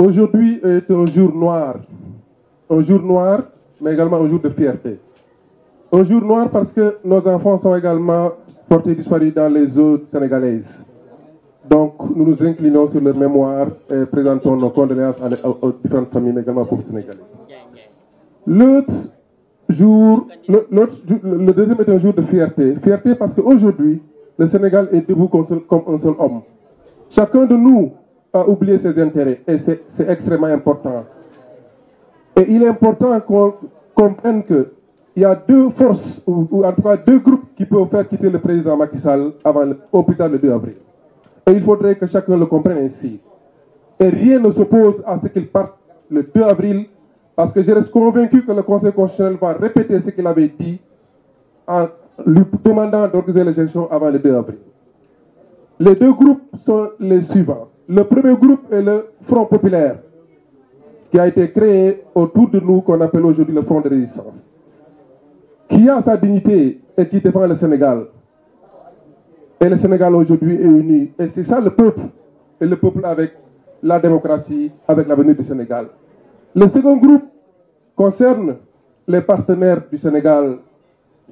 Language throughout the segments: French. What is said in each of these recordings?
Aujourd'hui est un jour noir. Un jour noir, mais également un jour de fierté. Un jour noir parce que nos enfants sont également portés disparus dans les eaux sénégalaises. Donc, nous nous inclinons sur leur mémoire et présentons nos condoléances aux différentes familles, mais également aux sénégalais. jour, le, le deuxième est un jour de fierté. Fierté parce qu'aujourd'hui, le Sénégal est debout comme un seul homme. Chacun de nous a oublier ses intérêts et c'est extrêmement important. Et il est important qu'on comprenne que il y a deux forces, ou, en tout cas deux groupes qui peuvent faire quitter le président Macky Sall avant le, au plus tard le 2 avril. Et il faudrait que chacun le comprenne ainsi. Et rien ne s'oppose à ce qu'il parte le 2 avril, parce que je reste convaincu que le Conseil constitutionnel va répéter ce qu'il avait dit en lui demandant d'organiser l'élection avant le 2 avril. Les deux groupes sont les suivants. Le premier groupe est le Front populaire, qui a été créé autour de nous, qu'on appelle aujourd'hui le Front de résistance, qui a sa dignité et qui défend le Sénégal. Et le Sénégal aujourd'hui est uni. Et c'est ça le peuple. Et le peuple avec la démocratie, avec l'avenir du Sénégal. Le second groupe concerne les partenaires du Sénégal,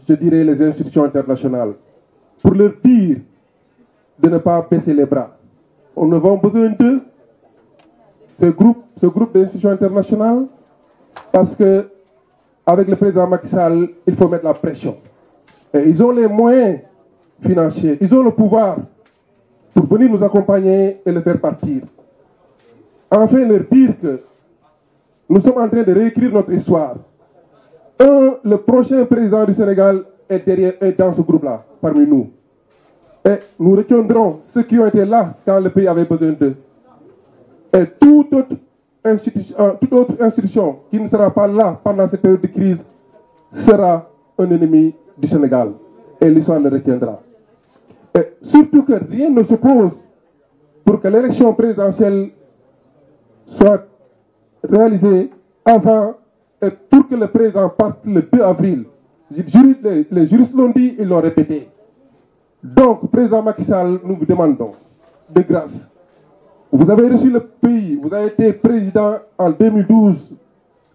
je dirais les institutions internationales, pour leur dire de ne pas baisser les bras on nous avons besoin de ce groupe, ce groupe d'institutions internationales, parce que avec le président Macky Sall, il faut mettre la pression. Et ils ont les moyens financiers, ils ont le pouvoir pour venir nous accompagner et le faire partir. Enfin, leur dire que nous sommes en train de réécrire notre histoire. Un, le prochain président du Sénégal est dans ce groupe-là, parmi nous. Et nous retiendrons ceux qui ont été là quand le pays avait besoin d'eux. Et euh, toute autre, institution, qui ne sera pas là pendant cette période de crise sera un ennemi du Sénégal. Et l'histoire le retiendra. Et surtout que rien ne se pose pour que l'élection présidentielle soit réalisée avant et pour que le président parte le 2 avril. Les juristes l'ont dit, et l'ont répété. Donc, Président Macky Sall, nous vous demandons de grâce. Vous avez reçu le pays, vous avez été président en 2012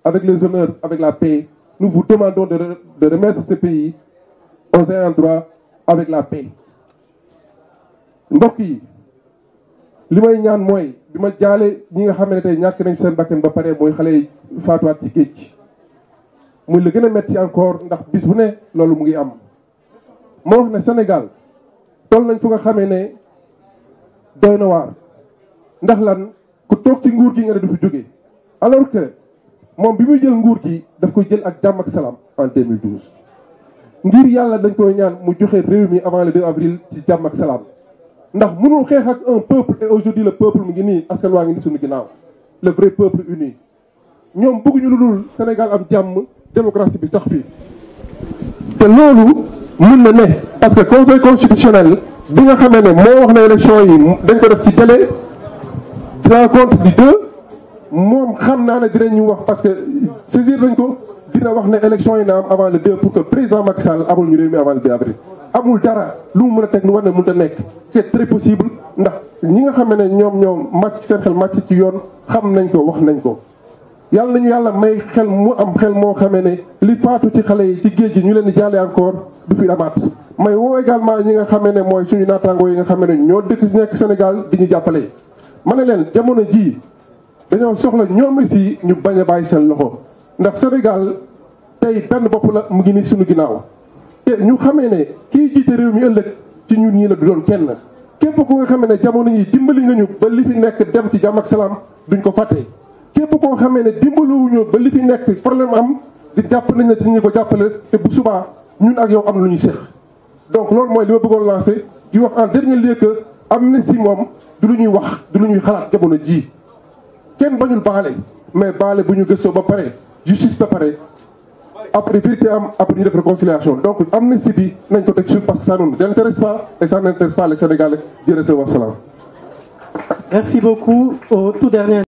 avec les honneurs, avec la paix. Nous vous demandons de, remettre ce pays aux un endroit avec la paix. ñaan encore ndax bis Sénégal tol nañ fu nga xamé né doyna war ndax lan ku tok ci nguur gi nga ne du fi jóge alors que mom bi muy jël nguur gi daf koy jël ak jam ak salam en 2012 ngir yalla dañ koy ñaan mu joxé réew mi avant le 2 avril ci jam ak salam ndax mënu xex ak un peuple et aujourd'hui le peuple mu ngi ni askan wa ngi ni sunu ginaaw le vrai peuple uni ñom bëggu ñu dul Sénégal am jam démocratie bi sax fi té lolu mun na ne parce que conseil constitutionnel bi nga xamee ne moo wax na élection yi dañ ko def ci délai compte bi deux moom xam naa ne dinañu wax parce que saisir nañ ko dina wax ne élection yi na am avant le deux pour que président Macky Sall amul ñu réew mi avant le deux avril amul dara lu mu mën a teg lu war ne mën a nekk c'est très possible ndax ñi nga xam ne ñoom ñoom màcc seen xel màcc ci yoon xam nañ ko wax nañ ko yàlla nañu yàlla may xel mu am xel moo xamee ne li faatu ci xale yi ci géej gi ñu leen di jàllee encore du fi amaat may woo également ñi nga xamee ne mooy suñu naataangoo yi nga xamee ne ñoo dëkk nekk Sénégal di ñu jàppale. ma ne leen jamono jii dañoo soxla ñoom aussi ñu bañ a bàyyi seen loxo ndax Sénégal tey benn bopp la mu ngi ni suñu ginnaaw te ñu xamee ne kii jiite réew mi ëllëg ci ñun ñii la du doon kenn képp ku nga xamee ne jamono yi dimbali nga ñu li fi nekk dem ci jàmm ak salaam duñ ko fàtte. képp koo xamee ne dimbaluwuñu ba li fi nekk problème am di jàpp nañ ne dinañu ko jàppale te bu subaa ñun ak yow am lu ñuy séq donc loolu mooy li ma bëggoon lancé di wax en dernier lieu que am na si moom du lu ñuy wax du lu ñuy xalaat jamono ji kenn bañul baale mais baale bu ñu gëstoo ba pare justice ba pare après vérité am après ñu def réconciliation donc amnistie bi nañ ko teg sur parce que ça ne nous intéresse pas et ça n'intéresse pas les Sénégalais jërëjëf wa salaam. merci beaucoup au tout dernier.